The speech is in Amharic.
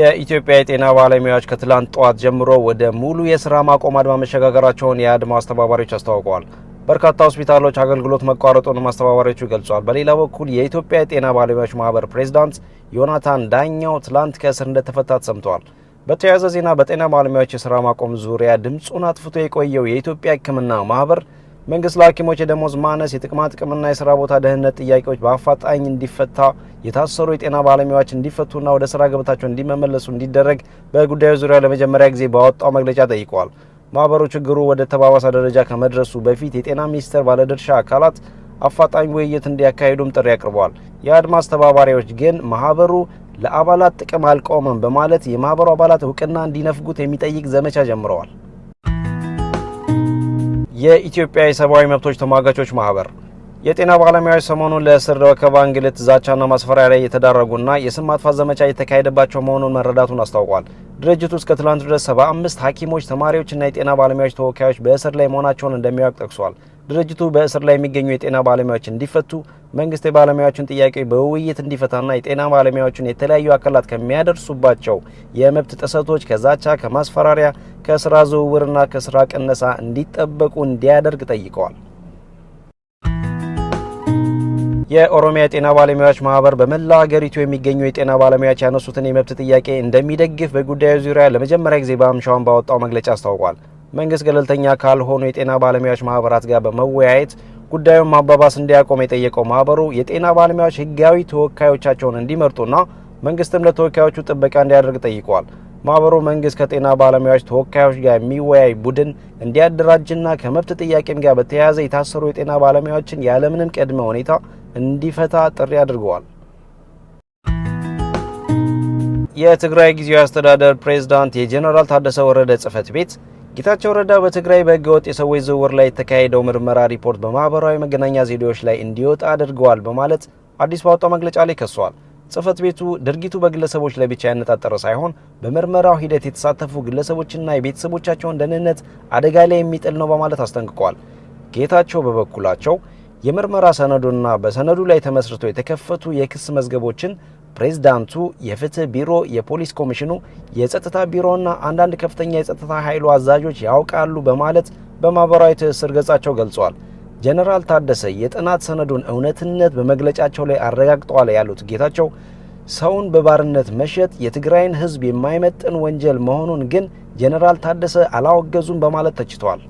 የኢትዮጵያ የጤና ባለሙያዎች ከትላንት ጠዋት ጀምሮ ወደ ሙሉ የስራ ማቆም አድማ መሸጋገራቸውን የአድማ አስተባባሪዎች አስታውቀዋል። በርካታ ሆስፒታሎች አገልግሎት መቋረጡንም አስተባባሪዎቹ ገልጿል። በሌላ በኩል የኢትዮጵያ የጤና ባለሙያዎች ማህበር ፕሬዚዳንት ዮናታን ዳኛው ትላንት ከእስር እንደተፈታ ተሰምተዋል። በተያያዘ ዜና በጤና ባለሙያዎች የስራ ማቆም ዙሪያ ድምፁን አጥፍቶ የቆየው የኢትዮጵያ ሕክምና ማህበር መንግስት ለሐኪሞች የደሞዝ ማነስ፣ የጥቅማ ጥቅምና የስራ ቦታ ደህንነት ጥያቄዎች በአፋጣኝ እንዲፈታ፣ የታሰሩ የጤና ባለሙያዎች እንዲፈቱና ወደ ስራ ገበታቸው እንዲመመለሱ እንዲደረግ በጉዳዩ ዙሪያ ለመጀመሪያ ጊዜ ባወጣው መግለጫ ጠይቀዋል። ማህበሩ ችግሩ ወደ ተባባሰ ደረጃ ከመድረሱ በፊት የጤና ሚኒስቴር ባለድርሻ አካላት አፋጣኝ ውይይት እንዲያካሂዱም ጥሪ አቅርበዋል። የአድማ አስተባባሪዎች ግን ማህበሩ ለአባላት ጥቅም አልቆመም በማለት የማህበሩ አባላት እውቅና እንዲነፍጉት የሚጠይቅ ዘመቻ ጀምረዋል። የኢትዮጵያ የሰብአዊ መብቶች ተሟጋቾች ማህበር የጤና ባለሙያዎች ሰሞኑን ለእስር፣ ወከባ፣ እንግልት፣ ዛቻና ማስፈራሪያ እየተዳረጉና የስም ማጥፋት ዘመቻ እየተካሄደባቸው መሆኑን መረዳቱን አስታውቋል። ድርጅቱ እስከ ትላንቱ ድረስ ሰባ አምስት ሐኪሞች፣ ተማሪዎችና የጤና ባለሙያዎች ተወካዮች በእስር ላይ መሆናቸውን እንደሚያውቅ ጠቅሷል። ድርጅቱ በእስር ላይ የሚገኙ የጤና ባለሙያዎች እንዲፈቱ መንግስት የባለሙያዎቹን ጥያቄ በውይይት እንዲፈታና የጤና ባለሙያዎቹን የተለያዩ አካላት ከሚያደርሱባቸው የመብት ጥሰቶች ከዛቻ፣ ከማስፈራሪያ ከስራ ዝውውርና ከስራ ቅነሳ እንዲጠበቁ እንዲያደርግ ጠይቀዋል። የኦሮሚያ የጤና ባለሙያዎች ማህበር በመላ ሀገሪቱ የሚገኙ የጤና ባለሙያዎች ያነሱትን የመብት ጥያቄ እንደሚደግፍ በጉዳዩ ዙሪያ ለመጀመሪያ ጊዜ በአምሻውን ባወጣው መግለጫ አስታውቋል። መንግስት ገለልተኛ ካልሆኑ የጤና ባለሙያዎች ማህበራት ጋር በመወያየት ጉዳዩን ማባባስ እንዲያቆም የጠየቀው ማህበሩ የጤና ባለሙያዎች ህጋዊ ተወካዮቻቸውን እንዲመርጡና መንግስትም ለተወካዮቹ ጥበቃ እንዲያደርግ ጠይቋል። ማህበሩ መንግስት ከጤና ባለሙያዎች ተወካዮች ጋር የሚወያይ ቡድን እንዲያደራጅና ከመብት ጥያቄም ጋር በተያያዘ የታሰሩ የጤና ባለሙያዎችን ያለምንም ቅድመ ሁኔታ እንዲፈታ ጥሪ አድርገዋል። የትግራይ ጊዜያዊ አስተዳደር ፕሬዝዳንት የጄኔራል ታደሰ ወረደ ጽህፈት ቤት ጌታቸው ረዳ በትግራይ በህገወጥ የሰዎች ዝውውር ላይ የተካሄደው ምርመራ ሪፖርት በማህበራዊ መገናኛ ዘዴዎች ላይ እንዲወጣ አድርገዋል በማለት አዲስ ባወጣው መግለጫ ላይ ከሷል። ጽህፈት ቤቱ ድርጊቱ በግለሰቦች ላይ ብቻ ያነጣጠረ ሳይሆን በምርመራው ሂደት የተሳተፉ ግለሰቦችና የቤተሰቦቻቸውን ደህንነት አደጋ ላይ የሚጥል ነው በማለት አስጠንቅቋል። ጌታቸው በበኩላቸው የምርመራ ሰነዱና በሰነዱ ላይ ተመስርቶ የተከፈቱ የክስ መዝገቦችን ፕሬዝዳንቱ፣ የፍትህ ቢሮ፣ የፖሊስ ኮሚሽኑ፣ የጸጥታ ቢሮና አንዳንድ ከፍተኛ የጸጥታ ኃይሉ አዛዦች ያውቃሉ በማለት በማህበራዊ ትስስር ገጻቸው ገልጸዋል። ጀነራል ታደሰ የጥናት ሰነዱን እውነትነት በመግለጫቸው ላይ አረጋግጠዋል ያሉት ጌታቸው ሰውን በባርነት መሸጥ የትግራይን ሕዝብ የማይመጥን ወንጀል መሆኑን ግን ጀነራል ታደሰ አላወገዙም በማለት ተችተዋል።